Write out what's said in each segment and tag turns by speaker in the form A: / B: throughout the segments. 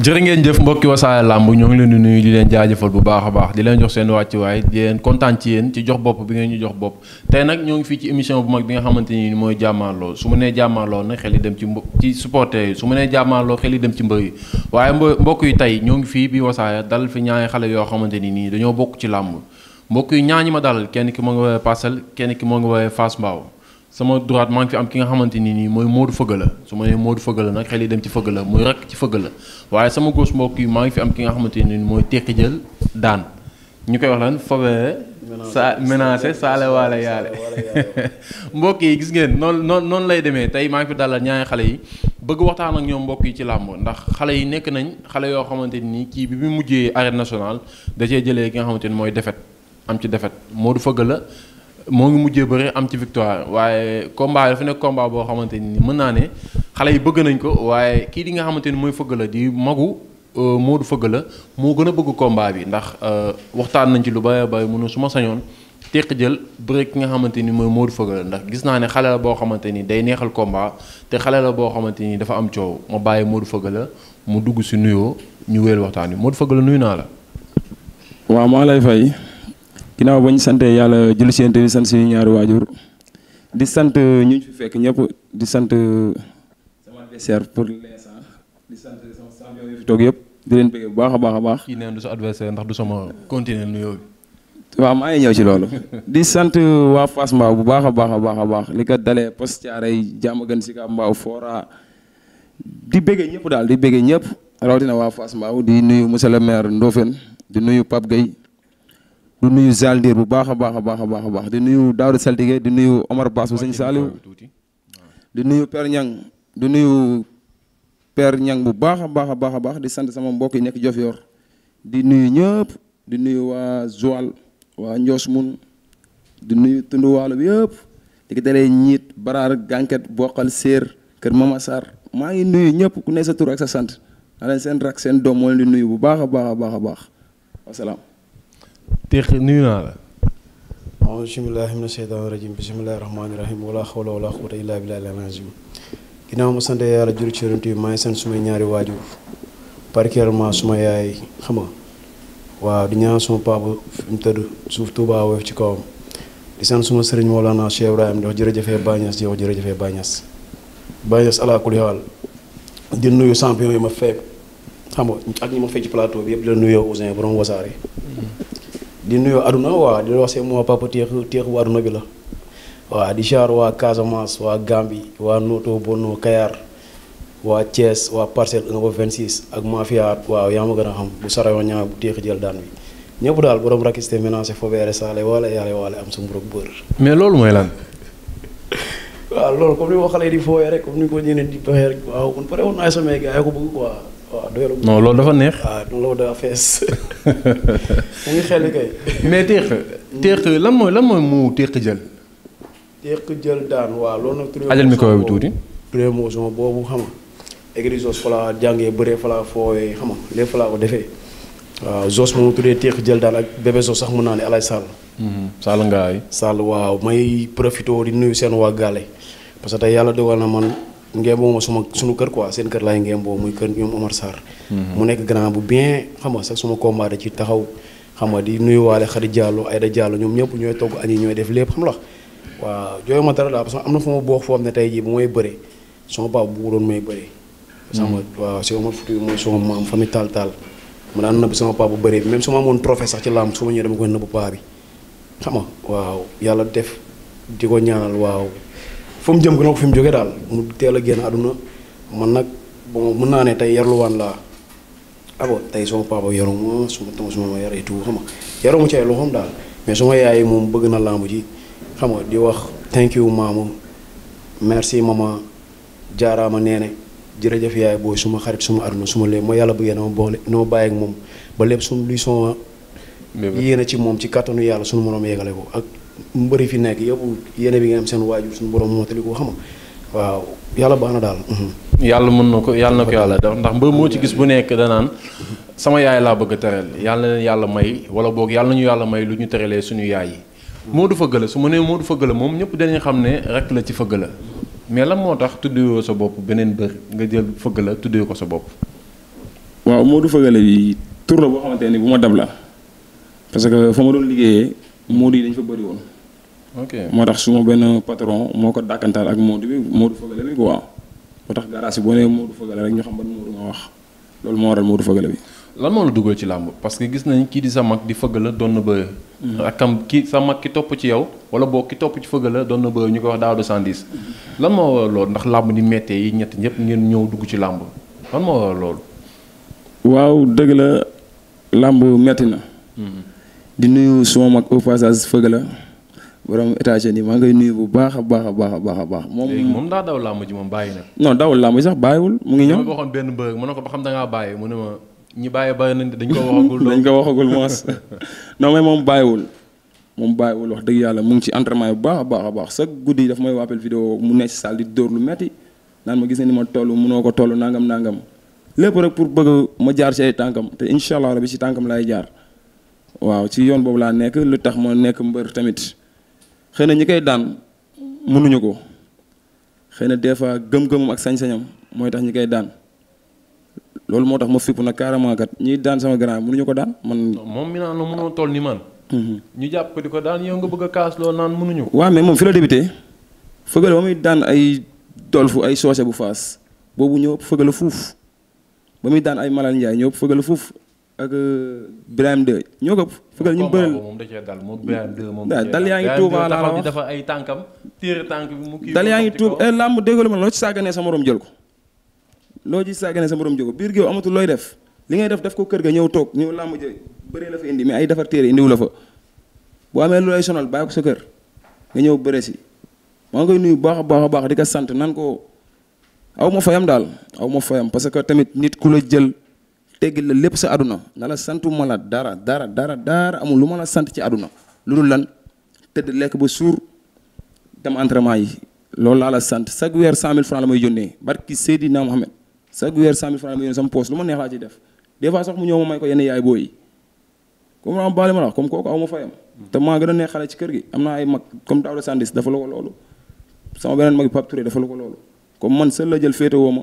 A: jërë ngeen jëf mbokki wasaare làmb ñoo ngi leen di nuyu di leen jaajëfal bu baax a baax di leen jox seen wàccuwaay di leen kontaan ci yéen ci jox bopp bi nga ñu jox bopp tey nag ñoo ngi fii ci émission bu mag bi nga xamante ni mooy jàmmaarloo su mu nee jàmmaarloo nag xel yi dem ci ci supporter yi su mu nee jàmmaarloo xel yi dem ci mbër yi waaye mbokk yi tey ñoo ngi fii bi wasaare dal fi ñaari xale yoo xamante ni nii dañoo bokk ci làmb mbokk yi ñaañi ma dalal kenn ki moo ngi woowee Parcelles kenn ki moo ngi woowee Fass sama droite maa ngi fi am ki nga xamante ni nii mooy Modou Feugeula su ma nee Modou la nag xel yi dem ci la muy rakk ci la waaye sama gos mbokk yi maa ngi fi am ki nga xamante ni mooy tekki jël daan ñu koy wax lan fobee sa menacé saale waale yaale mbokk yi gis ngeen noonu noonu noonu lay demee tey maa ngi fi dalal ñaari xale yi bëgg waxtaan ñoom mbokk yi ci làmb ndax xale yi nekk nañ xale yoo xamante ni kii bi mu mujjee arène nationale da jëlee ki nga xamante ni mooy defet am ci defet Modou la moo ngi mujjee bëri am ci victoire waaye combat dafa nekk combat boo xamante ni mën naa ne xale yi bëgg nañ ko waaye kii di nga xamante ni mooy fëgg di magu euh, Modou fëgg la moo gën a bëgg combat bi ndax euh, waxtaan nañ ci lu bay bay mënu sañoon teq jël bëri ki nga xamante ni mooy Modou fëgg la ndax gis naa ne xale la boo xamante ni day neexal komba te xale la boo xamante ni dafa am coow ma bàyyi Modou fëgg la mu dugg si nuyoo ñu wéel waxtaan wi Modou fëgg la nuyu naa la. waaw maa lay fay. ginnaaw ba ñu sant yàlla julli si bi
B: sant suñu ñaari waajur di sant ñu fi fekk ñëpp di sant sama pour l'instant di toog yëpp di leen bëggee bu baax a baax a baax.
A: kii nee du ndax du sama continuer nuyoo
B: waaw maa ngi ñëw ci loolu. di sant waa Fass Mbao bu baax a baax a baax a baax li ko dalee
A: post caaray jàmm gën si kaab Mbao
B: di bëggee ñëpp daal di bëggee ñëpp rawatina waa Fass Mbao di nuyu monsieur le maire Ndofène di nuyu Pape Gueye. du nuyu Zal Diir bu baax a baax a baax a baax di nuyu Daouda Saltige di nuyu Omar Bass bu sëñ Saliou di nuyu per Niang di nuyu per Niang bu baax a baax a baax a baax di sant sama mbokk yi nekk Diofior di nuyu ñëpp di nuyu waa Joal waa Ndios mun di nuyu tund waalo bi yëpp di ko dalee ñiit baraar gànket boqal séer kër Mama Sarr maa ngi nuyu ñëpp ku ne sa tur ak sa sant na leen seen rak seen doom moo di nuyu bu baax a baax a baax
A: a
C: baax wasalaam
A: teex nuyu naa la aousimilahi
C: mina sheytaani rajim bisimilahi rahmaani rahim wala xawla wala xuwata illa billahi al azim ginnaaw ma sante yàlla jur ci yonent bi maa ngi sant sumay ñaari waajur particulièrement suma yaay xam nga waaw di ñaan suma papa fi mu tëdd suuf Tuuba woyof ci kawam di sant suma sëriñ Mawlana Cheikh Ibrahim di wax jërëjëfee Baye Niass di wax jërëjëfee Baye Niass Baye Niass ala kulli haal di nuyu champion yi ma fekk xam nga ak ñi ma fekk ci plateau bi yëpp di la nuyoo Ousin borom wasaare di nuyu aduna waa di wax seen moo papa teexu teexu aduna bi la waa di char waa Casamance waa Gambie waa Noto Bono Kayar waa Thiès waa parcelle 1 ba 26 ak mafia waaw yaa ma gën a xam bu sarayoon ñaa bu teexi jël daan bi ñëpp daal borom rakiste ménacé fobeere saale wala yàlla wala am sa mburog bër
A: mais loolu mooy lan
C: waaw loolu comme ni ma xale di fooyee rek comme ni ko ñeneen di baxee rek waaw man pare woon naa samay gars waaw doyul non loolu dafa neex. waaw ah, loolu dafa fees.
A: mu ngi xel kay. mais téex téex lan mooy lan mooy mu téex jël.
C: téex jël daan waaw loolu nag. ajal micro bi tuuti. promotion boobu xam nga. écurie Zoss fa laa jàngee bëree fa laa fooyee xam ko defee. waaw Zoss mu tuddee téex jël daan ak bébé sax mën naa ne Alay Sall. Mhm, Sall ngaay. Sall waaw may profité di nuyu seen waa Gale. parce que yàlla dogal na man. ngeemboo ma suma suñu kër quoi seen kër laay ngeemboo muy kër ñoom Omar saar mhm. mu nekk grand bu bien xam nga sax suma combat da ci taxaw xam nga di nuyuwaale Khady ay Aïda Diallo ñoom ñëpp ñooy togg añi ñooy def lépp xam la waaw jooyu ma dara daal am na fu ma boox foo xam tey jii bu may bëre suma papa bu doon may bëre. Mhm. sama waaw si Omar Fouti mooy suma mu daan nëbb sama papa bu bëre bi même su ma sax ci làmb su ma ñëwee dama koy nëbb paa bi xam nga waaw yàlla def di ko ñaanal waaw fa mu jëm gën a ko fi mu jógee daal mu teel a génn àdduna man nag bon mën naa ne tey yarluwaan laa abo ah tey sama papa yaru ma suma tam suma ma yar et tout ma ci ay loxoom daal mais suma yaay moom bëgg na làmb ji xam nga di wax thank you maama merci maman jaaraama nee ne jërëjëf yaay booy suma xarit suma àdduna suma lépp ma yàlla bëggee na ma boole na ma bàyyi ak moom ba lépp sunu luy ci moom ci kattanu yàlla sunu moroom yeggale ko ak mbëri fi nekk yëpp yéene bi nga am seen waajur suñu borom moo tali ko xam waaw yàlla baax na daal. Mhm.
A: yàlla mën na ko yàlla na ko yàlla def ndax mbër moo ci gis bu nekk danaan sama yaay laa bëgg a tëral yàlla na yàlla may wala boog yàlla ñu yàlla may lu ñu tëralee suñu yaay yi. Modou Feugeula su ma nee Modou Feugeula moom ñëpp dañuy xam ne rek la ci la mais lan moo tax tuddewoo sa bopp beneen bër nga jël Feugeula tuddee ko sa bopp.
B: waaw Modou Feugeula bi tur la bu ma dab la parce Modou yi dañ fa bëri woon.
A: ok moo tax
B: suma benn patron moo ko dàkkantaal ak Modou moo Modou Feugeleu bi waaw moo tax garage bi boo
A: nee Modou Feugeleu rek ñu xam ban Modou nga wax loolu moo waral Modou dugal ci làmb parce que gis nañ kii di sa mag di Feugeleu doon na bëre. Mm-hmm. kam ki sa mag ki topp ci yow wala boo ki topp ci Feugeleu doon na bëre ñu koy wax daaw 210. Mm-hmm. lan moo waral loolu ndax làmb di méttee yi ñett ñëpp ngeen ñëw dugg ci làmb lan moo waral loolu.
B: waaw dëgg la làmb metti na. Mm-hmm. di nuyu suma mag au passage fëgg la borom États-Unis maa ngi koy nuyu bu baax a baax a baax a baax a baax.
A: moom moom daa daw laa ji moom bàyyi na.
B: non dawul làmb ji sax bàyyiwul mu ngi ñëw. ma
A: benn mbër mu ne ko ba xam da ngaa bàyyi mu ne ma ñi bàyyi bàyyi nañ dañ ko waxagul. dañ ko waxagul moos
B: non mais moom bàyyiwul. moom bàyyiwul wax dëgg yàlla mu ngi ci bu baax a baax a baax sa guddi daf may waapel vidéo mu nekk si salle di dóor lu metti naan ma gis ne ni ma toll munoo ko toll nangam nangam lépp rek pour bëgg ma jaar ci ay tànkam te incha allah rabi ci tànkam laay jaar waaw ci yoon boobu laa nekk lu tax ma nekk mbër tamit xëy na ñi koy daan mënuñu ko xëy na des fois gëm-gëmam ak sañ-sañam
A: mooy tax ñi koy daan
B: loolu moo tax ma fipp nag carrément kat ñiy daan sama grand mënuñu ko daan man.
A: moom mi naan mënoo toll ni man. Mhm. ñu jàpp ko di ko daan yow nga bëgg a kaas loolu naan mënuñu ko.
B: waaw moom fi la débuté fëgale ba muy daan ay dolfu ay soose bu faas boobu ñëw fëgale fuuf ba muy daan ay malal njaay ñëw fëgale fuuf ak euh, Birame 2 ñoo ko fëgal ñu bëri moom
A: da cee dal moom Birame 2 moom dal yaa ngi tuub laa wax dafa ay tànkam téere tànk bi mu kii dal yaa ngi tuub
B: eh, làmb déggalu ma loo ci sàgganee sa morom jël ko loo ci sàgganee sa morom jël ko biir géew amatul looy def li ngay def def ko kër ga ñëw toog ñëw làmb jë bëree la fa indi mais ay defar téere indiwu la fa boo amee lu lay sonal bàyyi ko sa kër nga ñëw bëre si maa ngi koy nuyu baax a baax a baax di ko sant nan ko aw ma fayam daal aw ma fayam parce que tamit nit ku la jël teggil la lépp sa aduna na la santuma la dara dara dara dara amul lu ma la sant ci àdduna lu dul lan tëdd lekk ba suur dem entraînement yi loolu laa la sant chaque weer cent mille francs la may yónnee barki Seydina Mohamed chaque weer cent mille francs sama poos lu ma neex laa ciy def des fois sax mu ñëw ma may ko yenn yaay boo yi comme am baale ma la comme kooku aw ma fayam te maa gën a neex ci kër gi am naa ay mag comme Daouda Sandis dafa la ko loolu sama beneen mag Pape Touré dafa la ko loolu comme man seul la jël féete woo ma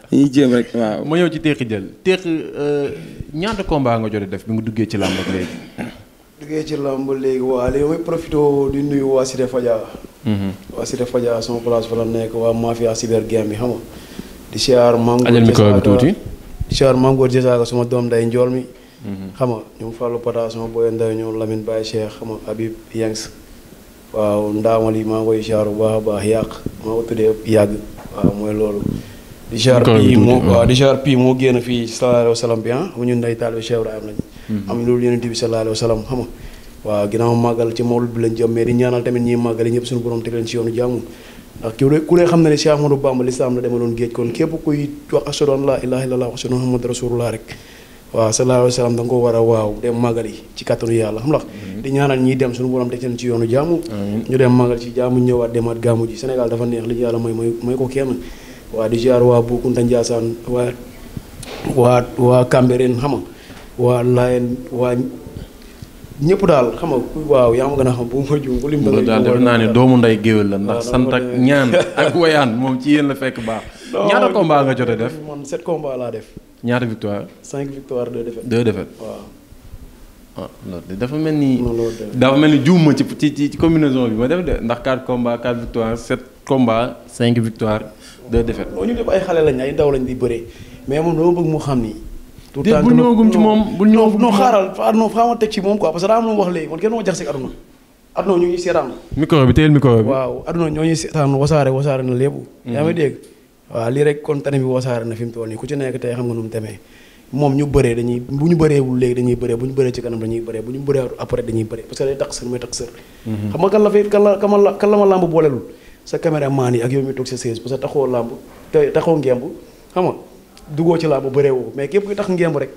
A: dañuy jéem rek ma ñëw ci Tekki Jël Tekki euh, ñaata combat nga jot def bi nga duggee ci làmb ak léegi.
C: duggee ci làmb léegi waa léegi may profité di nuyu waa Cité Fadia. Mhm. waa Cité Fadia sama place fa nekk waa mafia cyber game bi xam nga. di siyaar Mangor Jessaaka ajal micro tuuti. di siyaar Mangor Jessaaka sama doom day njool mi. Mhm. xam nga ñoom Fallou Pata sama Ndaw ñoom Lamine Baye Cheikh xam nga Habib Yengs. waaw ndaamal maa ngi koy bu baax baax yàq maa ko tuddee yàgg waaw mooy loolu. DGRP moo DGRP moo génn fii sallallahu alayhi wa sallam bi ah mu ñun day taalibe Cheikh Ibrahim mm-hmm. wa sallam xam nga waaw ginnaaw màggal ci mawlud bi lañ jëm mais di ñaanal tamit ñëpp suñu borom teg leen yoonu jàmm ndax ki ku ne xam na ne Cheikh Ahmadou Bamba lislaam la demaloon géej kon képp wa ashhadu anna da nga ko war a waaw dem màggal yi ci kàttanu yàlla xam la mm-hmm. di ñaanal ñiy dem suñu borom teg leen ci yoonu jàmm ñu dem màggal ci jàmm ñëwaat demaat gàmmu ji Sénégal dafa neex li ñu yàlla mooy mooy mooy ko kenn waa di ziar waa Boukounta Ndiassane waa waa waa Cambérène xam nga waa Layeen waa ñëpp daal xam nga waaw yaa ma gën a xam bu ma
A: juum bu lim da naa ne doomu nday géwél la ndax sant ñaan ak wayaan moom ci la fekk baax
C: ñaata combat nga laa def
A: ñaata victoire
C: cinq victoire
A: deux défaites ah, dafa mel ni dafa mel ni juum ma ci ci ci combinaison bi ma def de ndax quatre combat quatre victoire sept combats cinq victoires deux défaites. ñu def ay xale lañ ay ndaw lañ di bëree mais moom dama bëgg mu xam bu ñëwagum ci moom bu ñëwagum non xaaral
C: fa non xaaral ma teg ci moom quoi parce nii ku ci nekk tey xam ñu bëree bu ñu bëreewul léegi dañuy bëree bu ñu bëree ci kanam dañuy bëree bu ñu bëree après dañuy bëree parce que day tax sër mooy tax sër. Mhm. xam nga kan la fay kan la kan la ma làmb boolewul sa caméraman yi ak yow mi toog sa chaise parce que taxoo làmb te taxoo ngemb xam duggoo ci làmb bëree woo mais képp kuy tax ngemb rek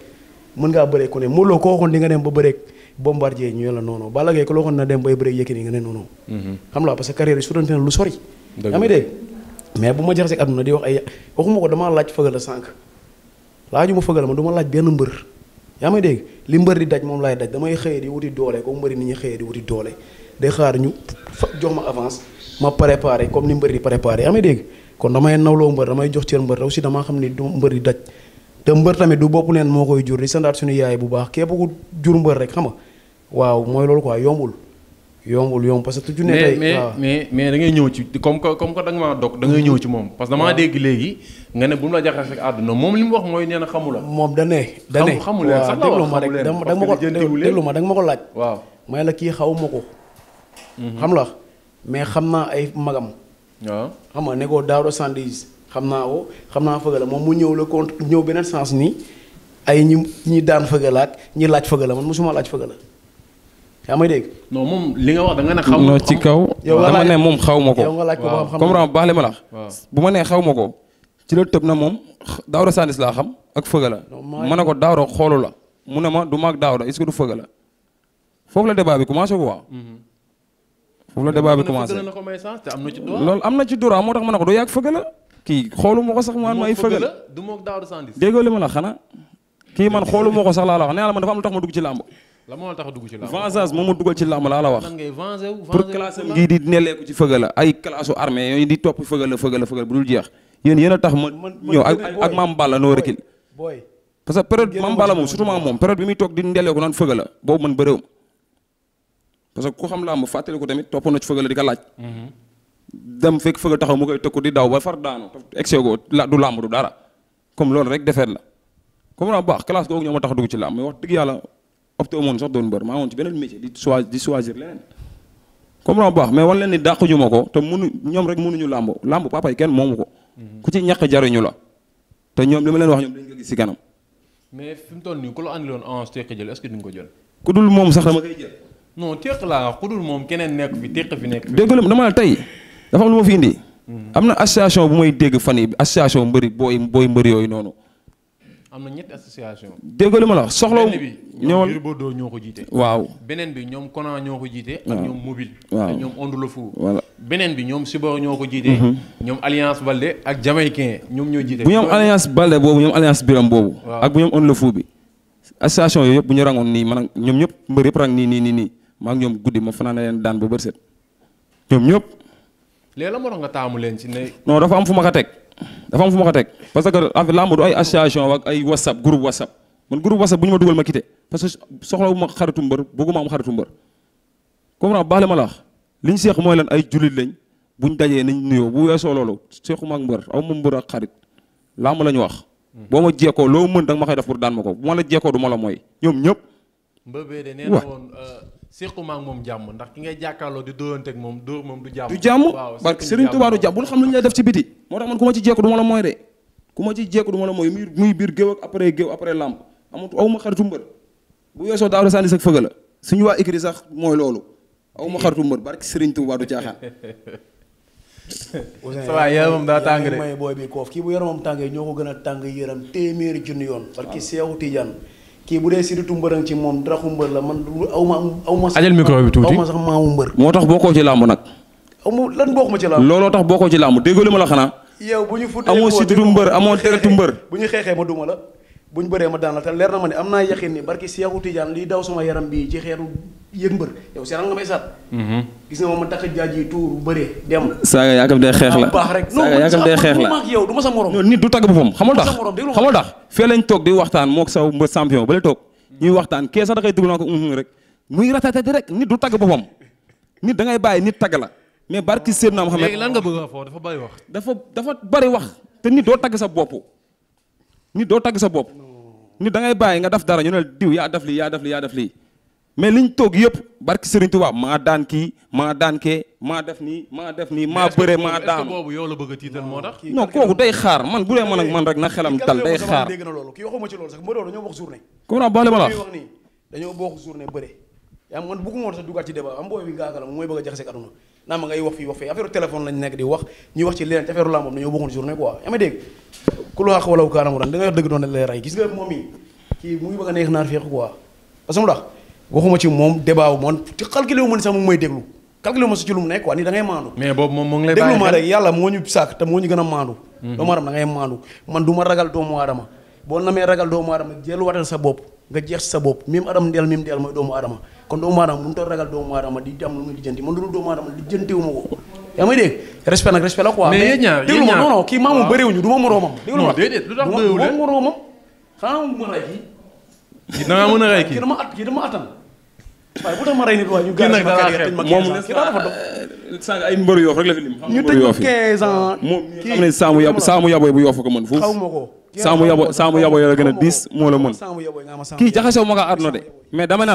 C: mën ngaa bëree ku ne Modou Lo ko waxoon di nga dem ba bëree bombardier ñu la noonu Balla Gaye ko loo waxoon na dem bay bëree Yékini nga ne noonu mhm. xam la parce que carrière yi sutante na lu sori amee dégg mais bu ma jaxasee àdduna di wax ay waxuma ko damaa laaj fëgal la sànq laaju ma la ma du ma laaj benn mbër yaa ma dégg li mbër di daj moom laay daj damay xëyee di wuti doole ko mbëri ni ñu xëyee di wuti doole day xaar ñu jox ma avance ma préparé comme ni mbër yi préparé amee dégg kon damay nawloo mbër damay jox cër mbër aussi xam ni du mbër yi daj te mbër tamit du bopp leen moo koy jur di sandaat suñu yaay bu baax képp ku jur mbër rek xam nga waaw mooy loolu quoi yombul yombul yomb parce que tu ne tey mais
A: mais mais da ngay ñëw ci comme que comme que da nga maa dog da ngay ñëw ci moom parce que damaa dégg léegi nga ne bu mu la jaxase ak àdduna moom li mu wax mooy nee na xamula
C: moom da ne
A: da ne xamul waaw déglu ma rek da nga ma ko
C: déglu ma da nga ma ko laaj waaw may la kii xaw ma ko mhm. xam la mais xam naa ay magam. waaw xam nga ne ko Daaro Sandis xam naa ko xam naa la moom mu ñëw la contre ñëw beneen sens nii ay ñi ñi daan Feugeula ak ñi laaj Feugeula man mosuma laaj Feugeula. yaa may dégg. non moom li nga wax da ne xaw ma ci kaw.
B: moom xaw ma ko. laaj ko ba xam comprendre la bu ma nee xaw ma ko. ci la tëb na moom Daaro Sandis laa xam ak Feugeula. ma ne ko Daaro xoolu la mu ne ma du maag Daaro est-ce que du Feugeula foofu la débat bi commencé ko waaw. Mhm. foofu la débat bi commencé loolu am na ci droit moo tax ma ne ko doo yàgg fëgg la kii xoolu ma ko sax man may fëgg la déggoo li ma la xanaa kii man xoolu ko sax laa la wax nee na man dafa am lu tax ma dugg ci làmb moom ma dugal ci làmb laa la wax
A: pour classe am di
B: neleeku ci fëgg ay classe u yooyu di topp fëgg la bu dul jeex yéen yéen a tax ma ñëw ak ak maam noo rekil parce que période maam moom surtout moom période bi muy toog di neleeku parce que ku xam làmb fàttali ko tamit topp na ci fëgal di ko laaj. dem fekk fëgal taxaw mu koy tëkku di daw ba far daanu exego du làmb du dara comme loolu rek defeet la. comme naa baax classe googu ñoo ma tax dugg ci làmb mais wax dëgg yàlla opté amoon sax doon mbër maa woon ci beneen métier di choisir di choisir leneen. comme naa baax mais wan leen ni dàquñu ma ko te mënu ñoom rek mënuñu làmb làmb papa kenn moomu ko. ku ci ñàkk jariñu la. te ñoom li ma leen wax ñoom dañ ko gis si kanam.
A: mais fi mu toll nii ku la andiloon avance jël est-ce que duñ ko jël. ku dul non téq laa wax moom keneen nekk fi téq fi nekk. dégg
B: nga dama tey dafa am lu ma fi indi. Hmm. am na association bu may dégg fan yi association mbëri booy booy mbëri yooyu noonu.
A: am na ñetti association. dégg ma la soxla. benn bi ñoom Yurubodoo ñoo ko jiite. waaw beneen bi ñoom Kona ñoo ko jiite. ak ñoom mobile. waaw ak ñoom Onde beneen bi ñoom Sibor ñoo ko jiite. Mm-hmm. ñoom Alliance Balde ak Jamaïcain ñoom ñoo jiite. bu ñoom
B: Alliance Balde boobu ñoom Alliance Biram boobu. ak bu ñoom Onde le Fou bi. association yooyu yëpp bu ñu rangoon nii man a ñoom ñëpp mbër yëpp rang nii nii nii nii ma ak ñoom guddi ma fanaan leen daan ba bër ñoom ñëpp.
A: léegi la moroom nga taamu leen ci ne.
B: non dafa am fu ma ko teg dafa fu ma ko teg parce que en fait lamb du ay association ak ay whatsapp groupe whatsapp man groupe whatsapp bu ñu ma dugal ma quitté parce que soxlawu ma xaritu mbër bëgguma am xaritu mbër. comprendre baax la ma la wax li ñu seex mooy leen ay jullit bu buñ dajee nañ nuyoo bu weesoo loolu seexuma ak mbër aw ma mbër ak xarit lamb la ñu wax. Hmm. boo ma jeekoo loo mën danga ma koy def pour daan ma ko bu ma du ma mooy ñoom ñëpp.
A: séquma ak moom jàmm ndax ki ngay jàkkaarloo di dóorante ak moom dóor moom du jàmm du jàmm barke Serigne Touba
B: du jàmm bul xam lu ñu lay def ci bu yeesoo daaw da sànni sax la suñu waa écrit sax mooy loolu aw ma xaritu mbër barke Serigne Touba du caaxaan
A: ça va yaramam daa tàng de may booy
C: bi koof kii bu yaramam tàngee ñoo ko gën a tàng yëram téeméeri junni yoon barke Seexu Tijaan kii bu dee siritu mbërën ci moom draxu mbër la man aw ma ma. ajal micro bi ma sax maamu mbër. moo
B: tax bokkoo ci làmb nag.
C: aw lan bokkuma ci làmb. looloo
B: tax bokkoo ci làmb déggoo ma la xanaa.
C: yow bu ñu fuddee amoo siritu mbër amoo deretu mbër. xeexee ma duma bu ñu bëree ma daan la te leer na ma ne am naa yaqin ni barki Seexu Tijaan liy daw sama yaram bii ci xeetu yëg mbër yow seetal nga may saat mm-hmm. gis nga ma takk jaaj yi tuur bëree dem
B: saaga yaakam day xeex la baax rek saaga yaakam xeex la ak yow du ma sa morom nit du tagg boppam xamul tax xamul tax fee lañ toog di waxtaan moo saw mbër champion ba la toog ñuy waxtaan kee sax da koy dugg na ko mm-hmm, rek muy ratatati rek nit du tagg boppam nit da ngay bàyyi nit tagg la mais barki seen naam xam ne lan nga bëgg
A: a dafa bari wax
B: dafa dafa bari wax te nit doo tagg sa bopp nit doo tagg sa bopp nit da ngay bàyyi nga def dara ñu ne diw yaa def lii yaa def lii yaa mais liñ toog yëpp barki Serigne Touba maa daan kii maa daan kee maa def nii maa bëre maa daanu
A: boobu a tiital moo tax non kooku
B: day xaar man bu dee man ak man rek na xelam dal day xaar dégg
C: waxuma ci loolu sax mbëroo wax dañoo bokk journée bëre yaa man bëgguma naa ma ngay wax fii wax fii affaire téléphone lañ nekk di wax ñuy wax ci leneen ci affaire laa moom dañoo bëggoon journée quoi yaa ma dégg ku loo xaq wala wax dëgg doon moom yi a neex naar féeq quoi parce que mu tax moom débat wu moon ci calculé wu ma lu mu nekk quoi da ngay maandu
A: mais boobu rek
C: yàlla moo ñu sàkk te moo ñu gën a maandu mhm. doomu man du ma ragal doomu aadama boo namee ragal doomu aadama jël watal sa bopp nga jeex sa bopp même adam ndeel même ndeel mooy doomu aadama kon doomu aadama mënu toon ragal doomu di am lu muy lijjanti man loolu doomu aadama lijjantiwu ma kii maamu ah. bëriwuñu du ma moroomam déglu ma du ma kii a rey kii dama at kii dama attan waaye bu tax ma rey nit waaye ñu gën
B: ay mbëru yoof rek la fi lim
C: ñu tëj ko 15 ans moom xam ne
B: saamu yab saamu yaboy bu yoof ko mën foofu xaw ma ko saamu yaboy saamu yaboy la gën a diis moo la mën kii jaxasoo ma ko arno de mais dama ne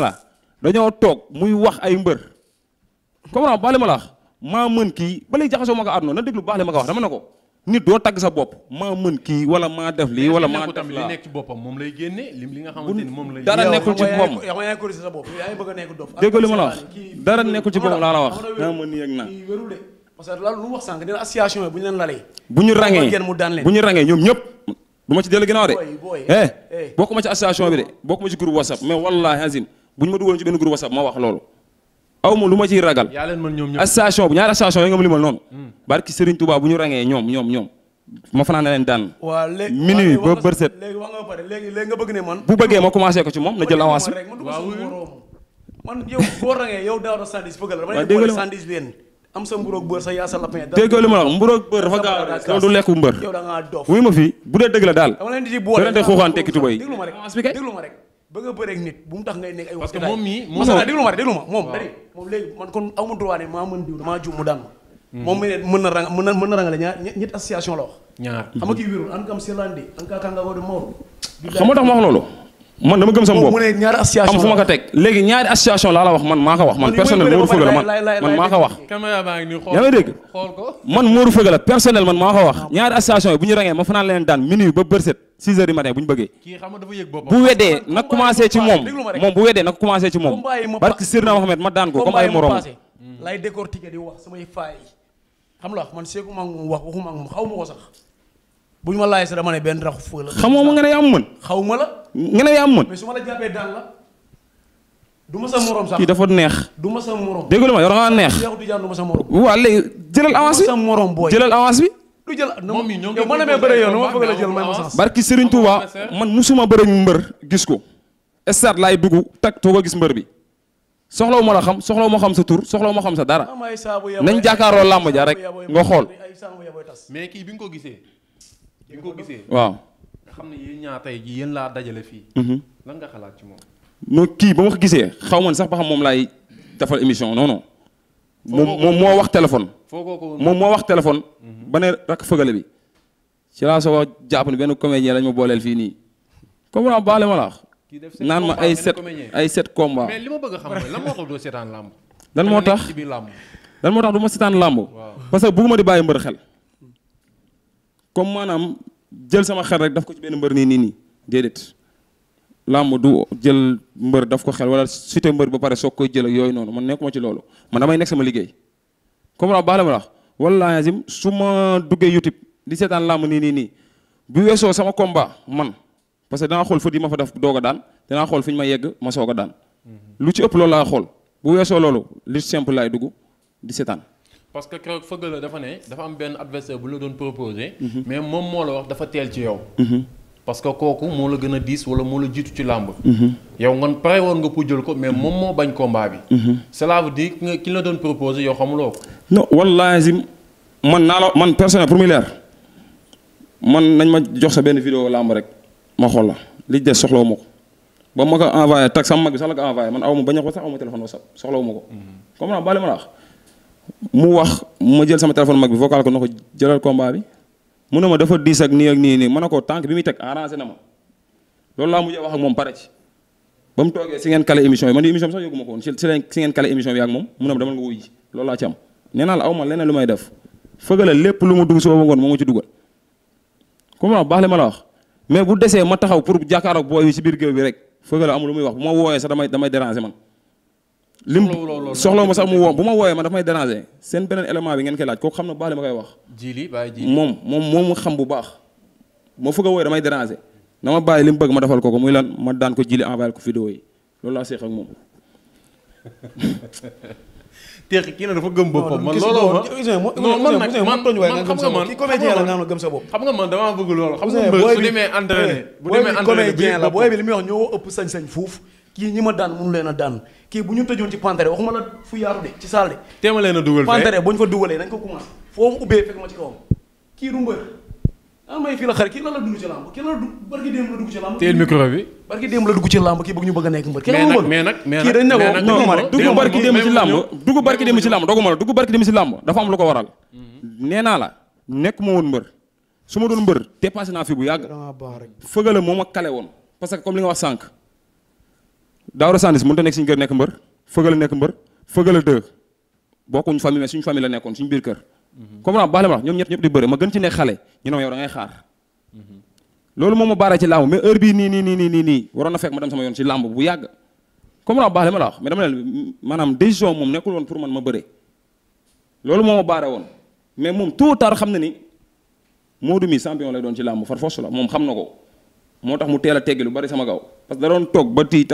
B: dañoo toog muy wax ay mbër comprends baale ma la maa mën kii ba lay jaxasoo ma a àdduna na déglu baax le ma ko wax dama ne ko nit doo tagg sa bopp maa mën kii wala maa def lii wala maa def laa li nekk
A: ci boppam moom lay génne li nga xamante ni moom lay dara nekkul ci boppam déglu ma la
B: wax dara nekkul ci
C: wax sànq nee na association yi bu ñu leen lalee
B: bu ñu rangee bu ñu rangee ñoom ñëpp du ma ci dellu ginnaaw de
A: eh, eh
B: bokkuma ci association bi de bokkuma ci groupe whatsapp mais wallahi azim bu ñu ma duggoon ci benn groupe whatsapp ma wax loolu aw ma lu ma ciy ragal. yaa leen mën ñoom ñoom association bu ñaari association nga ma limal noonu. barki Serigne Touba bu ñu rangee ñoom ñoom ma fanaan leen daan.
C: waaw léegi ba bër set. bu bëggee
B: ma commencé ko ci moom na jël avance.
C: mburoog bër sa yaa la mburoog bër dafa gaaw a du lekk mbër. yow da
B: ma fii bu dee dëgg la daal. dama leen di boole dama leen di xuuxaan tekki tuba
C: bëgg a bëreeg nit bu mu tax ngay nekk ay. parce que moom mii moom mosala déglu ma moom. léegi man kon aw ma droit ne maa mën diw damaa juum mu daan ma. Hmm. moom mi mën na rang mën na mën na rangale ñaar ñetti association la wax. ñaar xam nga kii wérul an kam silandi an kaa kanga wadu mawru. xam nga tax
B: ma wax loolu. man dama gëm sama bopp am fu ma ko teg léegi ñaari association laa la wax man maa ko wax man personnel Modou Feuguela wax
A: yaa ngi dégg man Modou
B: Feuguela personnel man maa ko wax ñaari association yi ma fanaan ko wax samay ma
C: xaw ma ko sax bu ñu ma laaj sax dama ne benn raxu fëla xamoo ma nga ne mën xaw ma la nga ne yaa mën. mais su la jàppee daan la. du ma sa morom sax kii dafa neex. du ma sa morom dégg nga neex. waaw
B: léegi jëlal avance bi du ma sa morom booy jëlal avance bi.
C: du jël moom mii ñoo ngi koy bëree yow ma bëgg la jël may ma sax. barki
B: Serigne Touba man musuma bëre ñu mbër gis ko. stade laay dugg tak too ko gis mbër bi soxlawu ma la xam soxlawu ma xam sa tur soxlawu ma xam sa dara nañ jàkkaaroo làmb ja rek nga xool.
A: mais kii bi nga ko gisee. bi nga ko waaw. xam ne yéen jii yéen laa dajale fii. Mhm. lan nga xalaat ci moom.
B: non kii ba ma ko gisee xaw ma sax ba xam moom laay defal émission noonu moom moom moo wax téléphone.
A: moom
B: moo wax téléphone. Mhm. ba ne rakk fëgale bi. ci laa soo jàpp ne benn comédien lañ ma booleel fii nii. comme naa baale ma la wax.
A: naan ma ay set ay set combat. mais li ma bëgg a xam mooy lan moo tax doo seetaan làmb.
B: lan moo tax du ma seetaan làmb. parce que bëgguma di bàyyi mbër xel. comme maanaam jël sama xel rek daf ko ci benn mbër nii nii nii déedéet làmb du jël mbër daf ko xel wala cité mbër ba pare soog koy jël yooyu noonu man nekkuma ci loolu man damay nekk sama liggéey. comme baax la ma wax wallaahi azim su ma duggee YouTube di seetaan làmb nii nii nii bu weesoo sama combat man parce que danaa xool fët yi ma fa def doog a daan danaa xool fi ñu ma yegg ma soog a daan. Mhm. lu ci ëpp loolu laa xool bu weesoo loolu li simple laay dugg di seetaan.
A: parce que keroog dafa ne am benn adversaire bu la doon proposé. Mhm. mais moom moo la wax dafa teel ci yow. Mhm. parce que kooku moo la gën a diis wala moo la jiitu ci làmb. Mhm. yow nga pare woon nga pour jël ko mais moom moo bañ combat bi. cela la doon proposé yow xamuloo ko. non wallaahi man naa la man personnel pour muy leer
B: man nañ ma jox sa benn vidéo làmb rek ma xool la li des soxlawu ma ko ba ma ko envoyé tag sama mag bi sax la ko envoyé man aw ma bañ ko sax aw ma téléphone whatsapp soxlawu ko. comme naa baale ma la wax. mu wax ma jël sama téléphone mag bi vocal ko na ko jëlal combat bi mu a ma dafa diis ak nii ak nii nii ma ne ko tànk bi muy teg arrangé na ma loolu laa mujjee wax ak moom pare ci ba mu toogee si ngeen kale émission bi man di émission bi sax yëgu ma ko woon si si ak moom mu ne ma dama nga wuy loolu laa ci am nee la aw ma leneen lu may def fëgale lépp lu mu dugg suba ba ngoon ma ci dugal comment baax le ma la wax mais bu desee ma taxaw pour jàkkaarloog booy yi si biir géew bi rek fëgale lu muy wax bu ma wooyee sax damay damay déranger lim soxla ma sax mu woo bu ma woowee man daf may déranger seen beneen élément bi ngeen koy laaj kooku xam na baax li ma koy wax. jiili bàyyi jiili moom moom moom xam bu baax. moo fëgg a woowee damay déranger na ma li mu bëgg ma defal ko ko muy lan ma daan ko jiili envoyé ko
A: vidéo yi loolu laa seex ak moom. teex kii na dafa gëm boppam man looloo xam nga man kii comédien xam sa bopp xam nga man damaa bëgg loolu xam nga mbër la booy li muy wax ñoo ëpp sañ-sañ
C: fuuf kii ñi ma daan mënu leen a daan kii bu ñu tëjoon ci pantere waxuma la fu yaatu de ci salle de. téema a dugal fee pantere bu ñu fa dugalee nañ ko commencé. foo mu ubbee fekk ma ah, la dugg barki
B: démb ci làmb a dafa am lu ko waral. nee la nekk ma woon mbër su ma doon mbër dépassé naa fi bu yàgg. fëgala moo ma kale woon parce comme li nga wax sànq Daouda Sandwich mënut a nekk suñu kër nekk mbër fëgal a nekk mbër fëgal a dëgg bokkuñ famille mais suñu famille la nekkoon suñu biir kër. Mhm. comme naa baax la ma ñoom ñett xale ne ma yow da ngay xaar. Mhm. loolu moom ma baaree ci làmb bii nii nii nii nii nii waroon na fekk ma baax la ma la wax mais moom nekkul woon pour man ma bëre loolu moo ma baare woon mais moom tout ou tard xam na ni Modou mi champion lay doon ci làmb far force la moom xam na ko moo tax mu teel a teggi lu bari sama gaw parce da doon toog ba tiit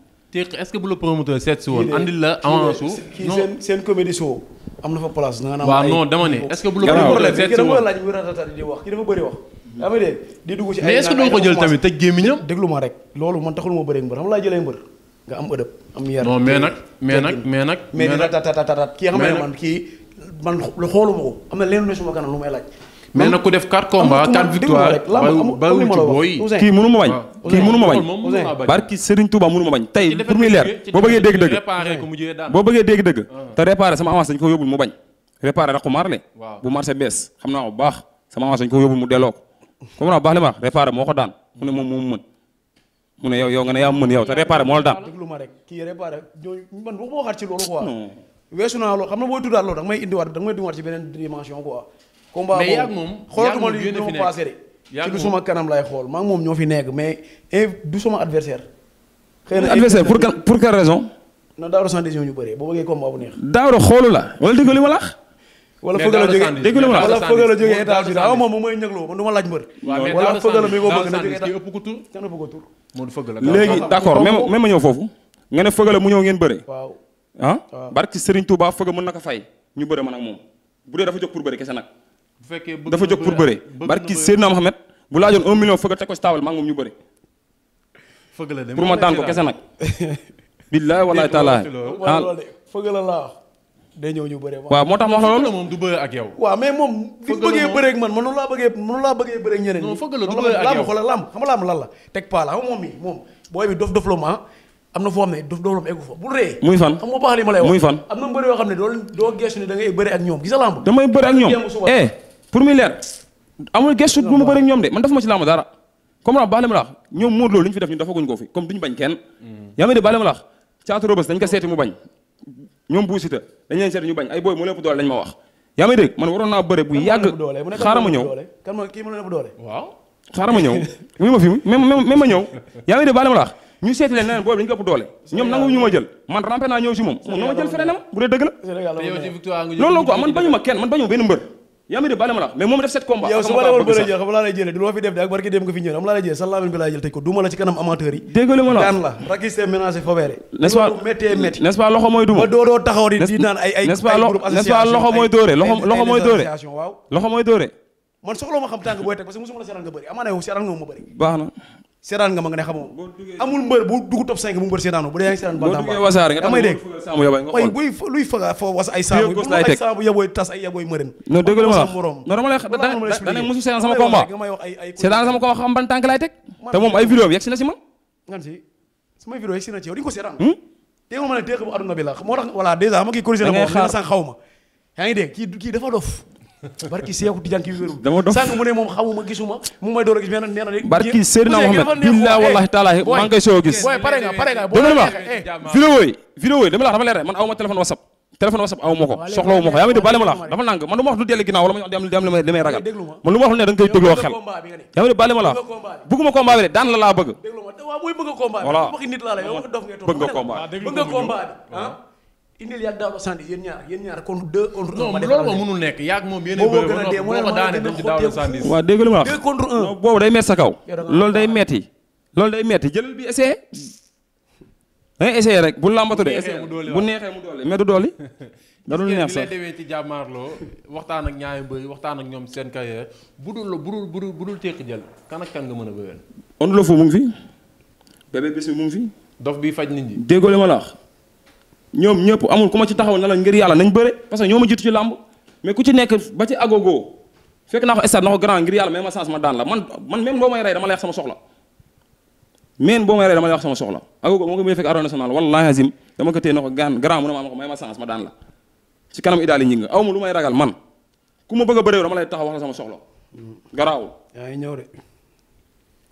A: Tekk est-ce que bu la woon andil la avance seen seen comédie show am na fa place na nga waaw non dama ne est-ce laa
C: jëlee mbër nga am ëdëb am yar non mais nag
A: mais nag mais nag mais ratata kii xam ne man
C: kii man lu xooluma ko am na leen ne suma kanam lu may laaj
A: mais na ku def 4 combats 4 victoires bàyyiwul ci booy kii mënu ma bañ
B: kii mënu ma bañ barki Serigne Touba mënu ma bañ tey pour muy leer boo bëggee dégg dëgg boo bëggee dégg dëgg ah. te réparé sama avance dañ ko yóbbul mu bañ réparé raqu marle bu marché bees xam naa bu baax sama avance dañ ko yóbbul mu delloo ko comme naa bu baax li ma wax réparé moo daan mu ne moom moo mën mu ne yow yow nga ne yaa mën yow te réparé moo daan
C: déglu ma rek kii réparé ñooñu man waxuma ci loolu quoi na booy tuddaat da nga may indiwaat da nga may dungaat combat mais yaa moom xoolatuma li ñu passé de. yaa ci du suma kanam lay xool maa moom ñoo fi nekk mais du suma adversaire. xëy na adversaire pour quelle pour quelle raison. non Daouda sans ñu bëree boo bëggee combat bu neex.
B: Daouda xoolu la wala dégg li ma la wala fëgal a jógee dégg ma wala fëgal a jógee états ah, moom
C: moom mooy ñëgloo man du ma laaj mbër. wala fëgal a mi ko bëgg na jógee États ëpp ko tur kenn ëpp ko a léegi d'accord
B: a mu ñëw ngeen bëre. waaw ah barki Serigne Touba fëgal mën na ko fay ñu bëre man ak moom bu dee dafa jóg
A: bu fekkee bëgg dafa jóg pour bëre barki
B: Seydina Mohamed bu laajoon un million fëgg a teg ko si taabal maa moom ñu bëre.
A: de pour ma daan ko kese nag. billaay walaay taalaay
C: fëgg la laa day moo tax wax
A: la yow
C: waaw mais moom di laa bëggee mënu laa bëggee bëre ak ñeneen la du bëre ak yow làmb xoolal làmb teg paa xam moom mi moom booy bi dof dof la ma am na foo xam ne dof dof la ma eggu fa bu rëy muy fan xam nga baax li ma lay wax muy fan am na mbëre yoo xam ne doo doo geesu ne da ngay bëre ak ñoom gis nga làmb damay bëre ak ñoom
B: pour muy leer amul gëstu du ma bëri ñoom de man defuma ci laamu dara comme ram baax la ma laax ñoom Modou Lo li fi def ñun dafaguñ ko fi comme duñu bañ kenn yaa ma di baax la ma laax caatu robes dañ ko seeti mu bañ ñoom Bou Siteu ñu bañ ay booy mu lépp doole dañ ma wax yaa may dégg mu lépp
C: doole waaw
B: xaaral ma ñëw muy ma fi ma ñëw yaa may dégg baax la ma laax ñu seeti leen neneen boobu dañu ko ëpp doole ñoom nangu ñu ma jël man rampé naa ñëw si moom moom na jël feneen am bu dee dëgg
C: la loolu la quoi man
B: bañu kenn man bañu benn mbër yaa ngi dégg bàyyi ma la mais moom def sept combat yow su ma demoon bëre jël xam
C: laa lay jëlee du ma fi def de ak barki dem nga fi ñëw xam laa lay jëlee sa laamin bi laay jël tëj ko duma la ci kanam amateur yi ma la daan la rakiste ménagé favéré n'est-ce loxo mooy duma ba doodoo taxaw di di ay ay n'est-ce pas loxo mooy dóore loxo mooy dóore loxo mooy dóore man soxla ma xam tànk booy teg parce que musuma la seetaan nga nga ma seetaan nga ma nga ne xamoo amul mbër bu dugg top 5 bu mbër seetaanu bu dee yaa ngi seetaan bantamba boo ay saabu ay saabu ma morom non
B: dama lay sama combat
C: seetaan sama combat xam ban tànk teg te ay vidéo bi na si man ngan si samay vidéo yegg na ci yow di ko seetaan hmm? dégg ma ne téex bu aduna bi la moo tax voilà dèjà ma kii corrigé na moom sànq xaw ma yaa ngi dégg kii kii dafa dof barki Seexu Tijaan ki wéeru dama doon sànq mu ne moom xamuma gisuma mu may door a gis mais nag nee na rek
B: barki Seydina gis booy pare nga pare yi dama la dafa nang man lu ma wax du dellu ginnaaw wala ma am am ragal man lu ma wax lu ne da nga koy dégloo xel
C: yaa ngi dégg bàyyi ma la wax
B: bëgguma combat daan la bëgg
A: bëgg nga combat
C: ah? indil yàgg daaw la sànni yéen ñaar yéen ñaar kon ma def nekk
A: yàgg moom a bëri ba ko daanee dem ci daaw la sànni. waaw
B: dégg nga boobu day loolu day metti loolu day metti jëlal bi essayé. da ngay rek bu làmbatu de essayé
A: bu neexee mu doole mais du doole.
B: da doon neex sax demee
A: waxtaan ak ñaari mbër waxtaan ak ñoom seen carrière bu dul bu bu dul teq jël kan kan nga mën
B: on le fou mu fi.
A: bébé bis mu ngi fi. dof bi faj nit ñi.
B: déggoo li ma la ñoom ñëpp amul ku ma ci taxaw na la ngir yàlla nañ bëre parce que ñoo ma jiitu ci làmb mais ku ci nekk ba ci agogo fekk naa ko stade na ko grand ngir yàlla may ma chance ma daan la man man même boo may rey dama lay wax sama soxla boo may rey dama wax sama soxla a ko téye na ko gan grand mu ne ma chance ma daan la ci kanam idaali ñi nga aw ma lu may ragal man ku ma bëgg a bëréew lay taxaw
A: wax la sama soxla garaawul yaa ngi ñëw de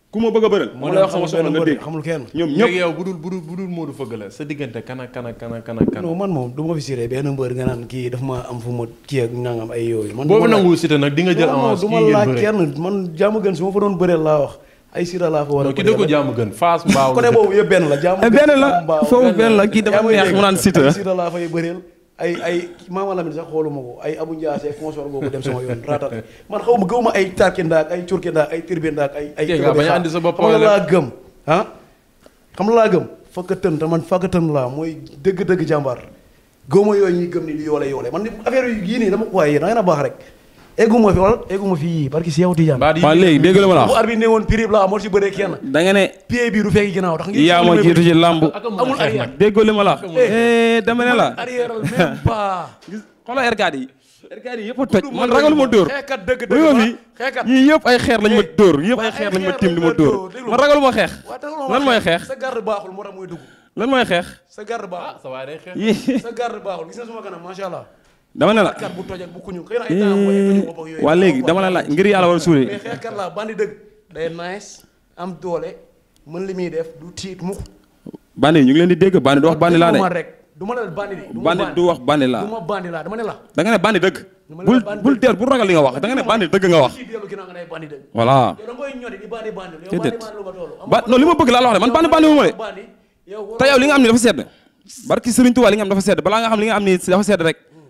A: ku ma bëgg a bëral. moo la wax sama soxla nga dégg xamul
C: kenn. ñoom ñëpp yow budul
A: budul budul Modou Feugueux la sa diggante kana kana kana kana kana. man
C: moom nga naan kii daf ma am fu ma kii ak nangam ay boobu nangu sita nag di jël avance. kii du ma laaj kenn man jaamu gën su ma fa doon bëreel laa wax. ay sira laa fa war a ki dëkk jaamu
A: gën Fass Mbao. côté boobu yëpp benn la jaamu. Eh, benn la foofu benn la kii dafa neex mu naan sita ay
C: laa fay bëreel ay ay maama Lamine sax xooluma ko ay Abu Ndiasse consort boobu dem sama yoon raatat man xaw ma gëw ma ay tarkinda ak ay curkinda ak ay tirbinda ak ay ay xam la laa gëm ah? xam la laa gëm fakka tën te man fakka tën laa mooy dëgg-dëgg jàmbaar gëw ma yooyu ñuy gëm ni li yoole yoole man affaire yii nii dama ko waaye yéen da a baax rek egguma fi wala egguma fi yii parce que si yow Tidiane. waaw léegi dégg ma la wax bu arbitre ne woon prix bi la da nga ne pied bi du fekk ginnaaw tax ngeen. yaa ma jiitu ci la
B: ma la wax. Eh, dama ne la arrière
C: erkaat yi. erkaat yi yëpp a toj man ma dóor. xeexkat
B: dëgg dëgg la xeexkat yëpp ay xeer lañ ma dóor yëpp ay xeer lañ ma tiim di ma dóor man ragalu ma xeex. lan mooy xeex sa
C: garde baaxul moo tax muy dugg. lan mooy xeex. sa garde baaxul sa waay day xeex sa garde baaxul gis na suma kanam allah dama ne la
B: eh, waa léegi dama la laaj ngir yàlla war a suuri
C: la bandi dëgg day nice am doole mën li muy def du tiit mukk
B: bandi ñu ngi leen di dégg bandi du wax bandi laa de la
C: bandi bandi du wax bandi laa du ma bandi ne
B: da nga ne bandi dëgg bul bul teer bu ragal li nga wax da nga ne bandi dëgg nga wax
C: voilà déedéet ba non li ma bëgg laa la wax de man bandi bandi wu ma de te yow li nga am ni
B: dafa sedd barki Sëriñ Tuubaa li nga am dafa sedd balaa nga xam li nga am ni dafa sedd rek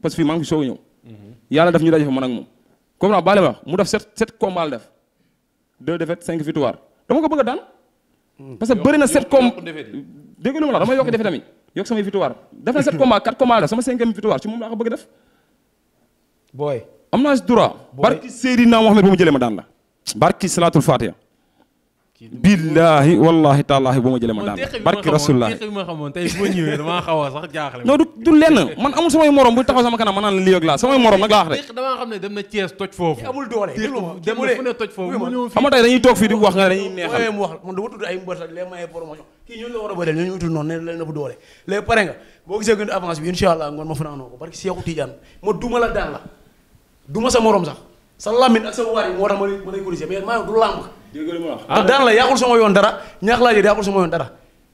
B: parce que fii maa ngi fi ñëw. yàlla daf ñu daje fa man ak moom. comme naa baale ma mu def sept sept combats la def deux cinq victoires dama ko bëgg a daan. Hmm. parce que bëri na sept combats dégg nga lu ma la dama yokk défaite yokk samay victoire def na sept combats quatre combats la def sama cinquième victoire ci moom laa ko bëgg a def. booy. am naa droit. booy barki Seydina Mohamed bu mu jële ma daan la. barki Salatul Fatiha. billaahi wallaahi taalaahi bu ma jëlee ma daan barki rasulullah non du du lenn man amul samay morom bu taxaw sama kanam ma naan la lii ak laa samay morom nag
A: laa
C: wax dañuy toog fii di wax nga a ne la bu ma fanaanoo ma la daan la duma sa morom sax sa lamine ak sa waar yi moo tax ma lay ma lay corriger mais maa du làmb. dégg nga ah daan la yàqul sama yoon dara ñaax laa jël yàqul sama yoon dara